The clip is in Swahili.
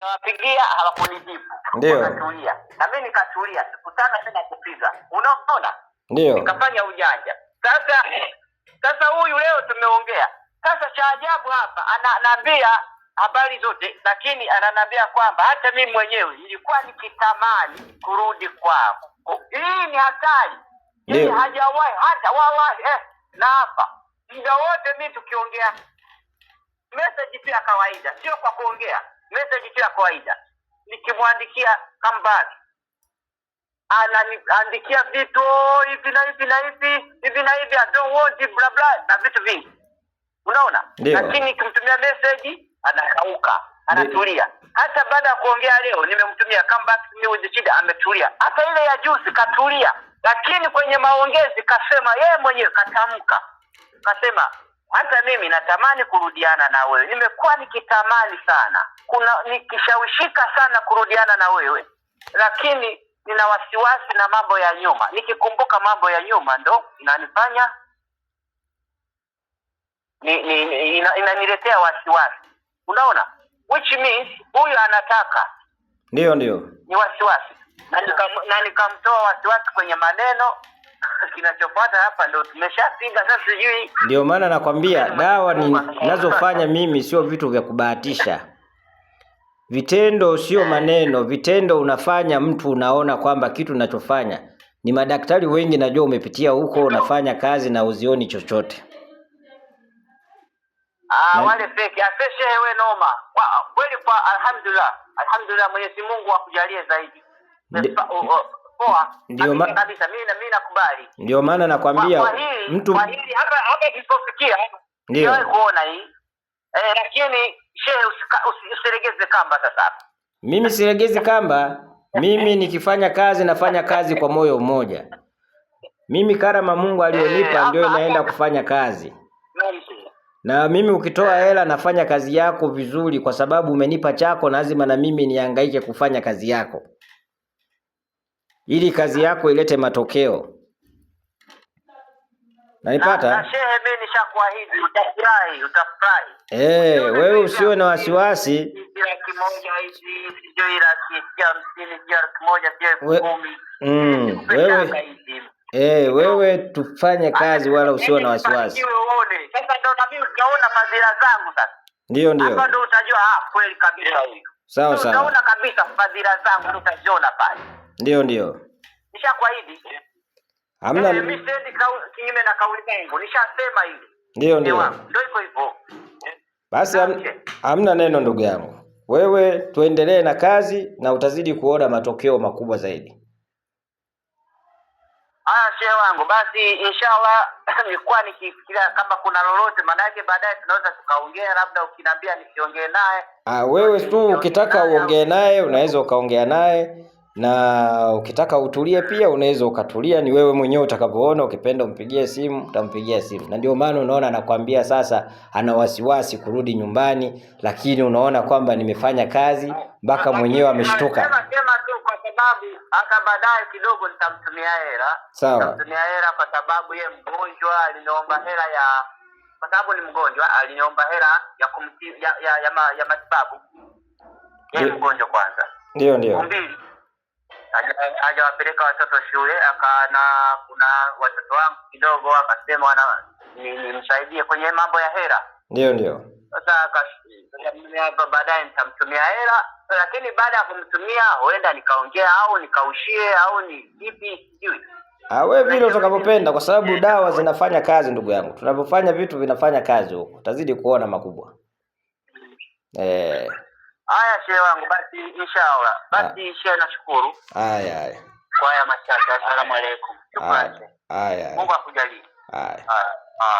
Nawapigia hawakunijibu, ndio nikatulia na mimi nikatulia, sikutaka tena kupiga. Unaona, ndio nikafanya ujanja. Sasa sasa huyu leo tumeongea sasa, cha ajabu hapa ananiambia habari zote, lakini ananiambia kwamba hata mimi mwenyewe nilikuwa nikitamani kurudi kwako. Hii ni hatari, hii hajawahi hata wallahi eh, na hapa muda wote mimi tukiongea message pia kawaida, sio kwa kuongea message tu ya kawaida, nikimwandikia Kambale ananiandikia vitu oh, hivi na hivi na hivi hivi na hivi, I blabla bla bla na vitu vingi, unaona. Lakini kimtumia message anakauka, anatulia. Hata baada ya kuongea leo, nimemtumia come back shida, ametulia. Hata ile ya juzi katulia, lakini kwenye maongezi kasema yeye mwenyewe, katamka kasema hata mimi natamani kurudiana na wewe, nimekuwa nikitamani sana, kuna nikishawishika sana kurudiana na wewe, lakini nina wasiwasi na mambo ya nyuma. Nikikumbuka mambo ya nyuma ndo inanifanya ni, ni, ni, inaniletea ina wasiwasi, unaona, which means huyu anataka ndio ndio ni wasiwasi, na nikamtoa nika wasiwasi kwenye maneno kinachopata hapa ndo tumeshapinga sasa, sijui ndio maana nakwambia dawa ninazofanya mimi sio vitu vya kubahatisha, vitendo sio maneno, vitendo unafanya mtu unaona kwamba kitu unachofanya ni madaktari wengi, najua umepitia huko, unafanya kazi na uzioni chochote. Ah, wale peke aseshehewe noma kweli kwa, alhamdulillah, alhamdulillah, Mwenyezi Mungu akujalie zaidi poa. Ndio ma... kabisa mimi na mimi nakubali. Ndio maana nakwambia mtu kwa hili hapa hapa isipofikia. Ndio. Wewe kuona hii. Eh, lakini shehe usiregeze kamba sasa Mimi siregezi kamba. Mimi nikifanya kazi nafanya kazi kwa moyo mmoja. Mimi karama Mungu aliyonipa eh, ndio inaenda kufanya kazi. Na mimi ukitoa hela nafanya kazi yako vizuri, kwa sababu umenipa chako, lazima na mimi nihangaike kufanya kazi yako ili kazi yako ilete matokeo. Naipata na, na mimi nishakuahidi utafurahi, utafurahi. Eh, wewe usiwe na wasiwasi. mm, wewe, eh, wewe tufanye kazi wala usiwe yaani na wasiwasi. Ndio, ndio. Ah, sawa sawa kabisa fadhila zangu nitaziona pale. Ndio, ndio, nishakuahidi hamna mimi eh, sendi kinyume na kauli yangu, nishasema hivi. Ndio, ndio, ndio, iko hivyo eh. basi. Hamna neno ndugu yangu, wewe tuendelee na kazi na utazidi kuona matokeo makubwa zaidi mzee wangu, basi inshallah nilikuwa nikifikiria kama kuna lolote, yake baadaye tunaweza tukaongea, labda ukiniambia nisiongee naye. Ah, wewe tu ukitaka uongee naye unaweza ukaongea naye, na ukitaka utulie pia unaweza ukatulia. Ni wewe mwenyewe utakapoona, ukipenda umpigie simu, utampigia simu. Na ndio maana unaona anakwambia sasa ana wasiwasi kurudi nyumbani, lakini unaona kwamba nimefanya kazi mpaka mwenyewe ameshtuka sababu hata baadaye kidogo nitamtumia hela, nitamtumia hela kwa sababu yeye mgonjwa, aliniomba hela ya kwa sababu ni mgonjwa, aliniomba hela ya kumti, ya, ya, ya, ma, ya matibabu ye mgonjwa kwanza, ndio ndio mbili hajawapeleka watoto shule akana, kuna watoto wangu kidogo akasema nimsaidie kwenye mambo ya hela, ndio ndio sasa baadaye nitamtumia hela lakini baada ya kumtumia huenda nikaongea au nikaushie au ni vipi, sijui ah, wewe vile utakavyopenda, kwa sababu dawa zinafanya kazi ndugu yangu. Tunapofanya vitu vinafanya kazi huko, utazidi kuona makubwa. Mm. Eh, haya shehe wangu, basi inshallah, ah. basi shehe, nashukuru. Haya haya, kwa haya machache. Asalamu alaykum. Haya haya, Mungu akujalie. Haya haya.